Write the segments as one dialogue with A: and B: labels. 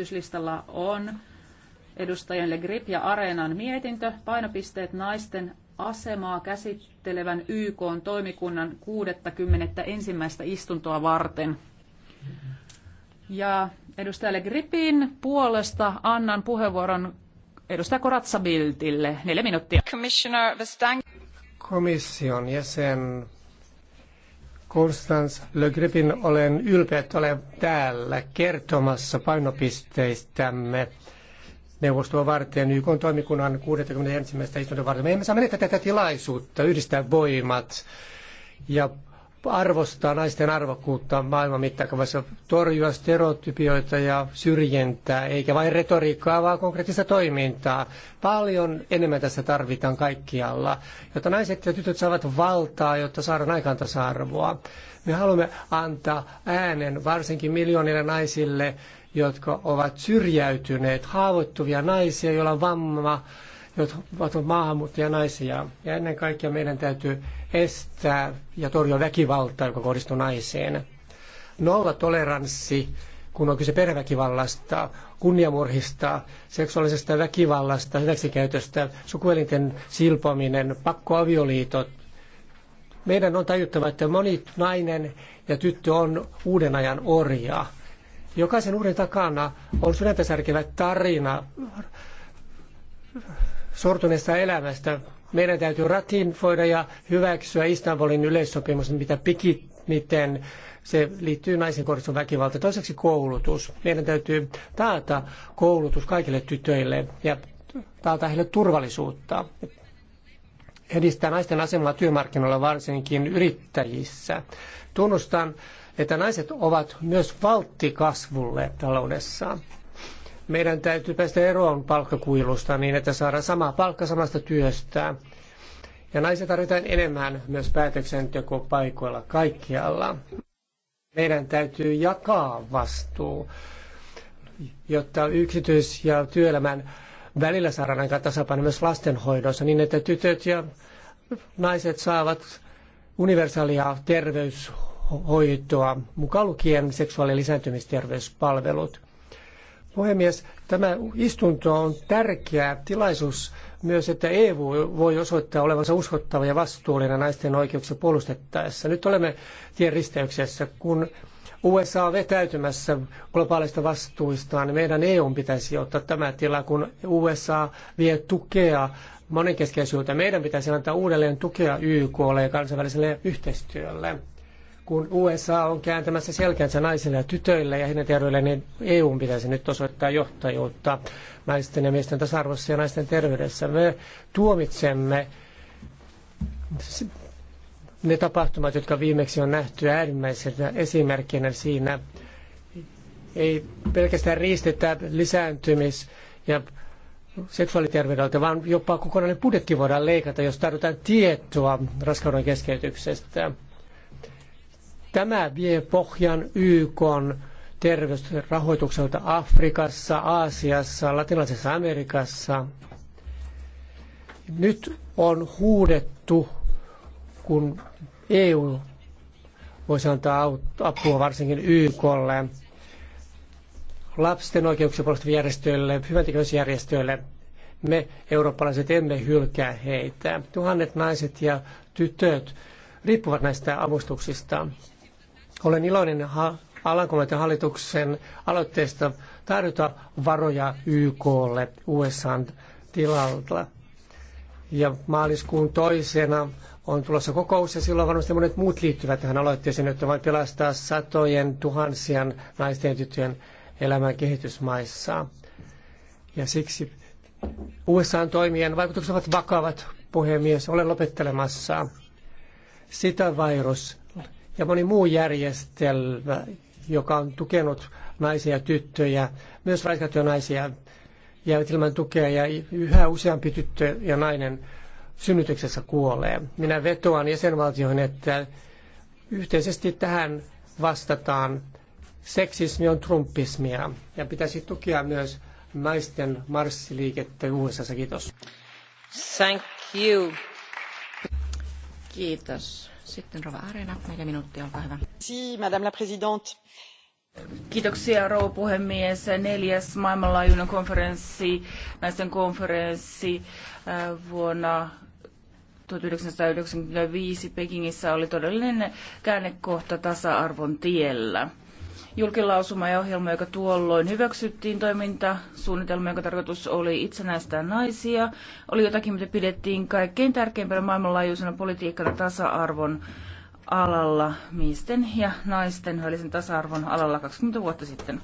A: esityslistalla on edustajien Le Grip ja Areenan mietintö, painopisteet naisten asemaa käsittelevän YK toimikunnan 61. istuntoa varten. Ja edustajalle Gripin puolesta annan puheenvuoron edustaja Koratsabiltille. Neljä minuuttia.
B: Komission jäsen Konstans Le olen ylpeä, että olen täällä kertomassa painopisteistämme neuvostoa varten YK toimikunnan 61. istuntoa varten. Me emme saa menettää tätä tilaisuutta, yhdistää voimat ja arvostaa naisten arvokkuutta maailman mittakaavassa, torjua stereotypioita ja syrjintää, eikä vain retoriikkaa, vaan konkreettista toimintaa. Paljon enemmän tässä tarvitaan kaikkialla, jotta naiset ja tytöt saavat valtaa, jotta saadaan aikaan tasa-arvoa. Me haluamme antaa äänen varsinkin miljoonille naisille, jotka ovat syrjäytyneet, haavoittuvia naisia, joilla on vamma, jotka ovat naisia. Ja ennen kaikkea meidän täytyy estää ja torjua väkivaltaa, joka kohdistuu naiseen. Nolla toleranssi, kun on kyse perheväkivallasta, kunniamurhista, seksuaalisesta väkivallasta, hyväksikäytöstä, sukuelinten silpominen, pakkoavioliitot. Meidän on tajuttava, että moni nainen ja tyttö on uuden ajan orja. Jokaisen uuden takana on sydäntä särkevä tarina, sortuneesta elämästä. Meidän täytyy ratinfoida ja hyväksyä Istanbulin yleissopimus, mitä pikimiten se liittyy naisiin kohdistuvan väkivaltaan. Toiseksi koulutus. Meidän täytyy taata koulutus kaikille tytöille ja taata heille turvallisuutta. Edistää naisten asemaa työmarkkinoilla varsinkin yrittäjissä. Tunnustan, että naiset ovat myös valtti kasvulle taloudessa. Meidän täytyy päästä eroon palkkakuilusta niin, että saadaan sama palkka samasta työstä. Ja naisia tarvitaan enemmän myös päätöksentekopaikoilla kaikkialla. Meidän täytyy jakaa vastuu, jotta yksityis- ja työelämän välillä saadaan aika tasapaino myös lastenhoidossa niin, että tytöt ja naiset saavat universaalia terveyshoitoa, mukaan lukien seksuaali- ja lisääntymisterveyspalvelut. Puhemies, tämä istunto on tärkeä tilaisuus myös, että EU voi osoittaa olevansa uskottava ja vastuullinen naisten oikeuksia puolustettaessa. Nyt olemme tien risteyksessä, kun USA on vetäytymässä globaalista vastuistaan, niin meidän EU pitäisi ottaa tämä tila, kun USA vie tukea monenkeskeisyyteen. Meidän pitäisi antaa uudelleen tukea YKlle ja kansainväliselle yhteistyölle kun USA on kääntämässä selkänsä naisille ja tytöille ja heidän terveydelle, niin EU pitäisi nyt osoittaa johtajuutta naisten ja miesten tasa-arvossa ja naisten terveydessä. Me tuomitsemme ne tapahtumat, jotka viimeksi on nähty äärimmäisenä esimerkkinä siinä, ei pelkästään riistetä lisääntymis- ja seksuaaliterveydeltä, vaan jopa kokonainen budjetti voidaan leikata, jos tarvitaan tietoa raskauden keskeytyksestä. Tämä vie pohjan YK terveysrahoitukselta Afrikassa, Aasiassa, Latinalaisessa Amerikassa. Nyt on huudettu, kun EU voisi antaa apua varsinkin YKlle, lapsen oikeuksia puolustaville järjestöille, hyväntekeväisyysjärjestöille. Me eurooppalaiset emme hylkää heitä. Tuhannet naiset ja tytöt riippuvat näistä avustuksista. Olen iloinen Alankomaiden hallituksen aloitteesta tarjota varoja YKlle USAn tilalta. Ja maaliskuun toisena on tulossa kokous ja silloin varmasti monet muut liittyvät tähän aloitteeseen, että voi pelastaa satojen tuhansien naisten ja tyttöjen elämän kehitysmaissa. Ja siksi usa toimien vaikutukset ovat vakavat, puhemies. Olen lopettelemassa. Sitä virus ja moni muu järjestelmä, joka on tukenut naisia ja tyttöjä, myös raiskattuja naisia, jäävät ilman tukea ja yhä useampi tyttö ja nainen synnytyksessä kuolee. Minä vetoan jäsenvaltioihin, että yhteisesti tähän vastataan. Seksismi on trumpismia ja pitäisi tukea myös naisten marssiliikettä USA. Kiitos. Thank
C: you. Kiitos. Sitten Rova neljä minuuttia, olkaa hyvä.
A: Si, madame la présidente. Kiitoksia rouva puhemies. Neljäs maailmanlaajuinen konferenssi, naisten konferenssi äh, vuonna 1995 Pekingissä oli todellinen käännekohta tasa-arvon tiellä julkilausuma ja ohjelma, joka tuolloin hyväksyttiin, toimintasuunnitelma, jonka tarkoitus oli itsenäistää naisia, oli jotakin, mitä pidettiin kaikkein tärkeimpänä maailmanlaajuisena politiikkana tasa-arvon alalla, miesten ja naisten välisen tasa-arvon alalla 20 vuotta sitten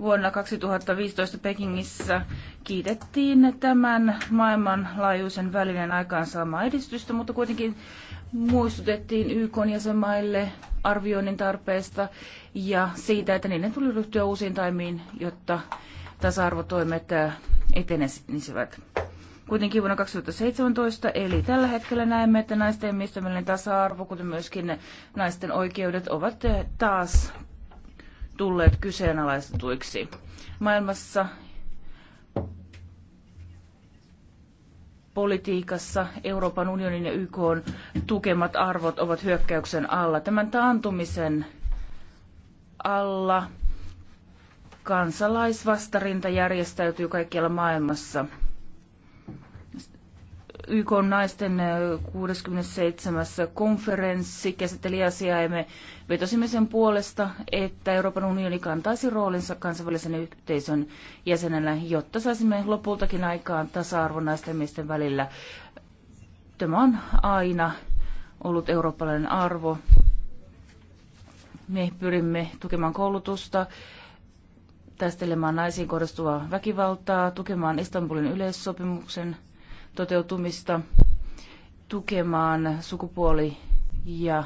A: vuonna 2015 Pekingissä kiitettiin tämän maailmanlaajuisen välinen aikaansaamaa edistystä, mutta kuitenkin muistutettiin YK jäsenmaille arvioinnin tarpeesta ja siitä, että niiden tuli ryhtyä uusiin taimiin, jotta tasa-arvotoimet äh, etenisivät. Kuitenkin vuonna 2017, eli tällä hetkellä näemme, että naisten ja miesten välinen tasa-arvo, kuten myöskin naisten oikeudet, ovat äh, taas tulleet kyseenalaistetuiksi. Maailmassa politiikassa Euroopan unionin ja YK tukemat arvot ovat hyökkäyksen alla. Tämän taantumisen alla kansalaisvastarinta järjestäytyy kaikkialla maailmassa. YK naisten 67. Äh, konferenssi käsitteli asiaa ja me vetosimme sen puolesta, että Euroopan unioni kantaisi roolinsa kansainvälisen yhteisön jäsenenä, jotta saisimme lopultakin aikaan tasa-arvon naisten ja miesten välillä. Tämä on aina ollut eurooppalainen arvo. Me pyrimme tukemaan koulutusta, taistelemaan naisiin kohdistuvaa väkivaltaa, tukemaan Istanbulin yleissopimuksen – toteutumista tukemaan sukupuoli- ja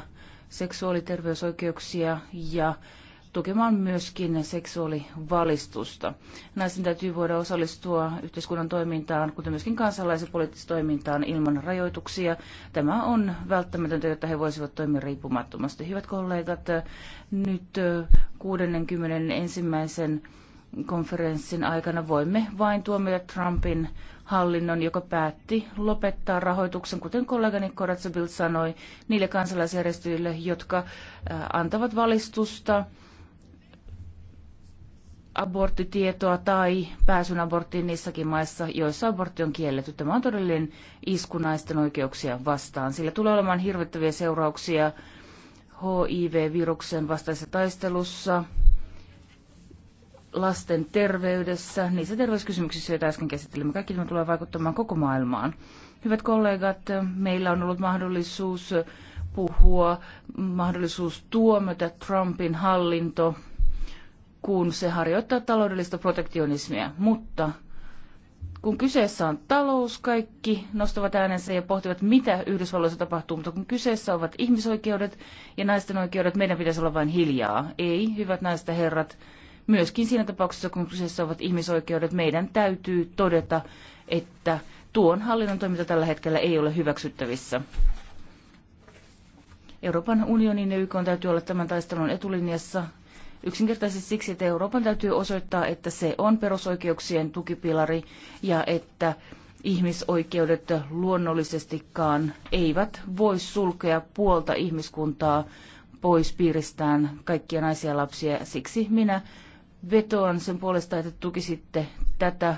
A: seksuaaliterveysoikeuksia ja tukemaan myöskin seksuaalivalistusta. Naisten täytyy voida osallistua yhteiskunnan toimintaan, kuten myöskin poliittiseen toimintaan ilman rajoituksia. Tämä on välttämätöntä, jotta he voisivat toimia riippumattomasti. Hyvät kollegat, nyt 61. konferenssin aikana voimme vain tuomita Trumpin hallinnon, joka päätti lopettaa rahoituksen, kuten kollegani Koratsabil sanoi, niille kansalaisjärjestöille, jotka äh, antavat valistusta, aborttitietoa tai pääsyn aborttiin niissäkin maissa, joissa abortti on kielletty. Tämä on todellinen isku naisten oikeuksia vastaan. Sillä tulee olemaan hirvittäviä seurauksia HIV-viruksen vastaisessa taistelussa, lasten terveydessä, niissä terveyskysymyksissä, joita äsken käsittelimme. Kaikki tämä tulee vaikuttamaan koko maailmaan. Hyvät kollegat, meillä on ollut mahdollisuus puhua, mahdollisuus tuomita Trumpin hallinto, kun se harjoittaa taloudellista protektionismia. Mutta kun kyseessä on talous, kaikki nostavat äänensä ja pohtivat, mitä Yhdysvalloissa tapahtuu, mutta kun kyseessä ovat ihmisoikeudet ja naisten oikeudet, meidän pitäisi olla vain hiljaa. Ei, hyvät naiset herrat, myöskin siinä tapauksessa, kun kyseessä ovat ihmisoikeudet, meidän täytyy todeta, että tuon hallinnon toiminta tällä hetkellä ei ole hyväksyttävissä. Euroopan unionin ja YK täytyy olla tämän taistelun etulinjassa yksinkertaisesti siksi, että Euroopan täytyy osoittaa, että se on perusoikeuksien tukipilari ja että ihmisoikeudet luonnollisestikaan eivät voi sulkea puolta ihmiskuntaa pois piiristään kaikkia naisia ja lapsia. Siksi minä vetoan sen puolesta, että tukisitte tätä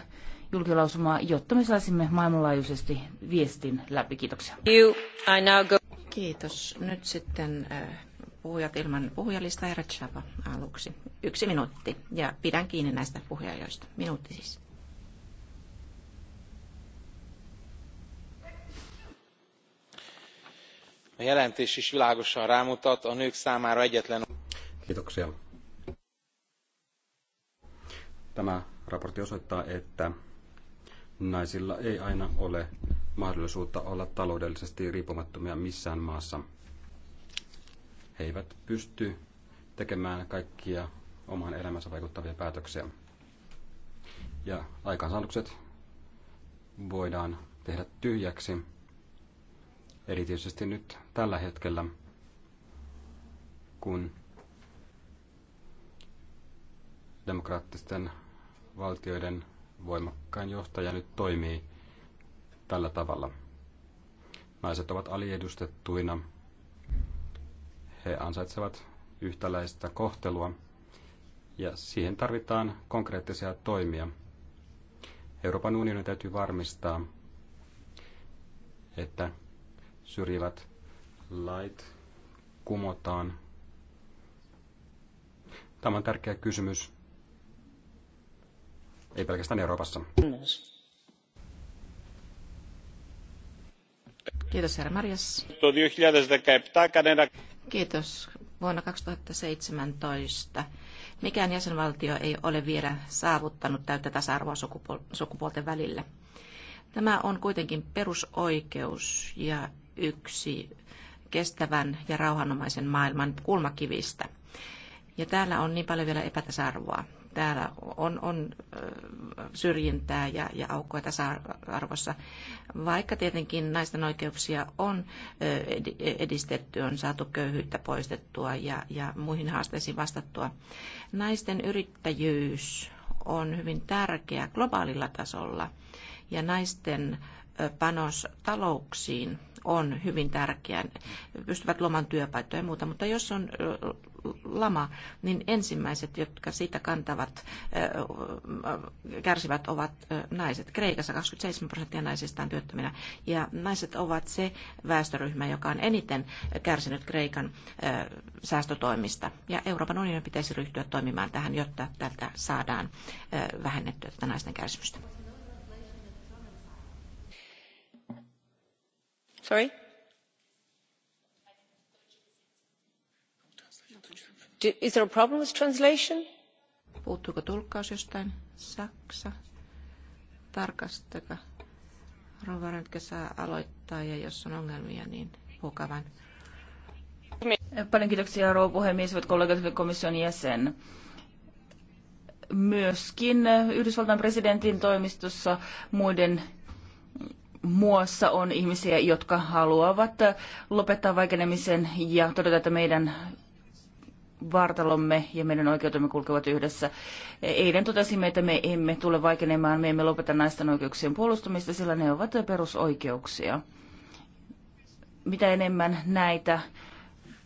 A: julkilausumaa, jotta me saisimme maailmanlaajuisesti viestin läpi. Kiitoksia.
C: Kiitos.
A: Nyt sitten äh,
C: puhujat ilman puhujalista ja Ratshava aluksi. Yksi minuutti ja pidän kiinni näistä puhujajoista Minuutti siis.
D: A jelentés is világosan rámutat, a nők számára egyetlen... Kiitoksia Tämä raportti osoittaa, että naisilla ei aina ole mahdollisuutta olla taloudellisesti riippumattomia missään maassa. He eivät pysty tekemään kaikkia omaan elämänsä vaikuttavia päätöksiä. Ja aikaansaannukset voidaan tehdä tyhjäksi, erityisesti nyt tällä hetkellä, kun demokraattisten valtioiden voimakkain johtaja nyt toimii tällä tavalla. Naiset ovat aliedustettuina. He ansaitsevat yhtäläistä kohtelua ja siihen tarvitaan konkreettisia toimia. Euroopan unionin täytyy varmistaa, että syrjivät lait kumotaan. Tämä on tärkeä kysymys ei pelkästään Euroopassa.
C: Kiitos, herra Marjas. Kiitos. Vuonna 2017 mikään jäsenvaltio ei ole vielä saavuttanut täyttä tasa-arvoa sukupuolten välillä. Tämä on kuitenkin perusoikeus ja yksi kestävän ja rauhanomaisen maailman kulmakivistä. Ja täällä on niin paljon vielä epätasa-arvoa täällä on, on syrjintää ja, ja aukkoja tasa-arvossa. Vaikka tietenkin naisten oikeuksia on edistetty, on saatu köyhyyttä poistettua ja, ja muihin haasteisiin vastattua. Naisten yrittäjyys on hyvin tärkeä globaalilla tasolla ja naisten panos talouksiin on hyvin tärkeä. Pystyvät luomaan työpaikkoja ja muuta, mutta jos on lama, niin ensimmäiset, jotka siitä kantavat, kärsivät, ovat naiset. Kreikassa 27 prosenttia naisista on työttöminä. Ja naiset ovat se väestöryhmä, joka on eniten kärsinyt Kreikan säästötoimista. Ja Euroopan unionin pitäisi ryhtyä toimimaan tähän, jotta tältä saadaan vähennettyä tätä naisten kärsimystä. Sorry? Is there a problem with translation? Puuttuuko tulkkaus jostain? Saksa. Tarkastaka. Rova
A: saa aloittaa ja jos on ongelmia, niin puhukaa vain. Paljon kiitoksia rouva puhemies, hyvät kollegat, hyvät komission jäsen. Myöskin Yhdysvaltain presidentin toimistossa muiden muassa on ihmisiä, jotka haluavat lopettaa vaikenemisen ja todeta, että meidän vartalomme ja meidän oikeutemme kulkevat yhdessä. Eilen totesimme, että me emme tule vaikenemaan, me emme lopeta naisten oikeuksien puolustamista, sillä ne ovat perusoikeuksia. Mitä enemmän näitä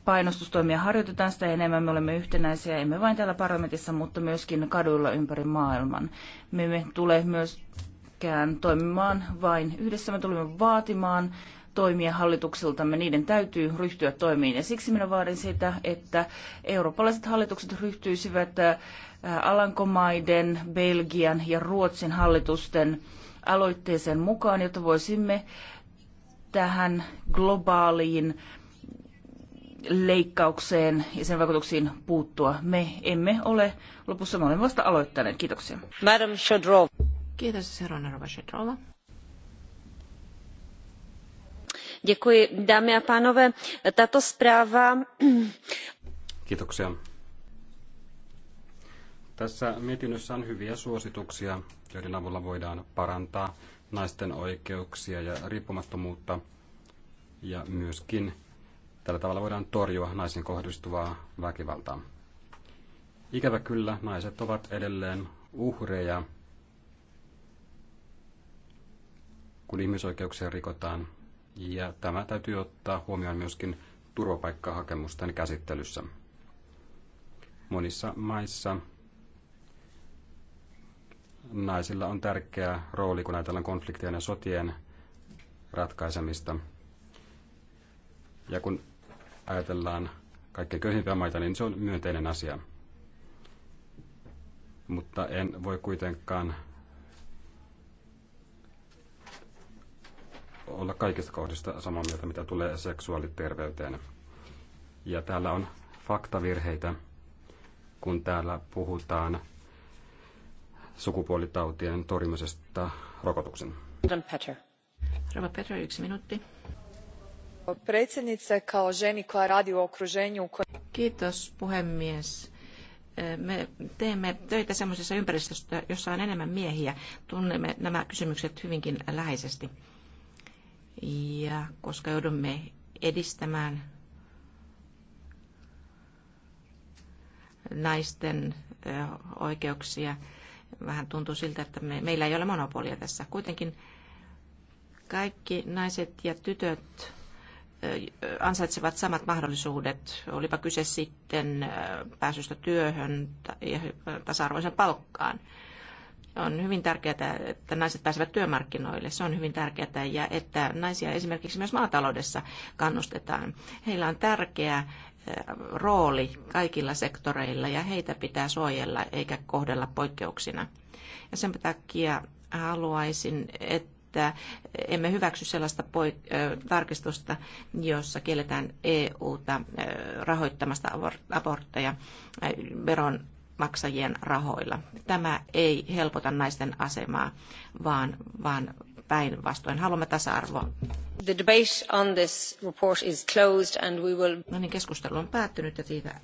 A: painostustoimia harjoitetaan, sitä enemmän me olemme yhtenäisiä, emme vain täällä parlamentissa, mutta myöskin kaduilla ympäri maailman. Me emme tule myöskään toimimaan vain yhdessä, me tulemme vaatimaan toimia hallituksiltamme, niiden täytyy ryhtyä toimiin. Ja siksi minä vaadin sitä, että eurooppalaiset hallitukset ryhtyisivät äh, Alankomaiden, Belgian ja Ruotsin hallitusten aloitteeseen mukaan, jotta voisimme tähän globaaliin leikkaukseen ja sen vaikutuksiin puuttua. Me emme ole lopussa, me olemme vasta aloittaneet. Kiitoksia. Madam Shodrova. Kiitos, Serona Rova Shodrova.
C: tato zpráva
D: Kiitoksia. Tässä mietinnössä on hyviä suosituksia, joiden avulla voidaan parantaa naisten oikeuksia ja riippumattomuutta. Ja myöskin tällä tavalla voidaan torjua naisiin kohdistuvaa väkivaltaa. Ikävä kyllä naiset ovat edelleen uhreja, kun ihmisoikeuksia rikotaan ja tämä täytyy ottaa huomioon myöskin turvapaikkahakemusten käsittelyssä. Monissa maissa naisilla on tärkeä rooli, kun ajatellaan konfliktien ja sotien ratkaisemista. Ja kun ajatellaan kaikkein köyhimpiä maita, niin se on myönteinen asia. Mutta en voi kuitenkaan olla kaikista kohdista samaa mieltä, mitä tulee seksuaaliterveyteen. Ja täällä on faktavirheitä, kun täällä puhutaan sukupuolitautien torjumisesta rokotuksen.
C: Petter. Rova Petter,
D: yksi minuutti.
C: Predsjednice, kao ženi koja radi u okruženju... Kiitos puhemies me teemme töitä sellaisessa ympäristössä, jossa on enemmän miehiä. Tunnemme nämä kysymykset hyvinkin läheisesti. Ja koska joudumme edistämään naisten oikeuksia, vähän tuntuu siltä, että me, meillä ei ole monopolia tässä. Kuitenkin kaikki naiset ja tytöt ansaitsevat samat mahdollisuudet, olipa kyse sitten pääsystä työhön ja tasa-arvoisen palkkaan. On hyvin tärkeää, että naiset pääsevät työmarkkinoille. Se on hyvin tärkeää ja että naisia esimerkiksi myös maataloudessa kannustetaan. Heillä on tärkeä eh, rooli kaikilla sektoreilla ja heitä pitää suojella eikä kohdella poikkeuksina. Ja sen takia haluaisin, että emme hyväksy sellaista poik- eh, tarkistusta, jossa kielletään EUta eh, rahoittamasta abortteja veron maksajien rahoilla. Tämä ei helpota naisten asemaa, vaan, vaan päinvastoin. Haluamme tasa-arvoa.
A: The debate on this report is closed and we will... No niin, keskustelu on päättynyt ja siitä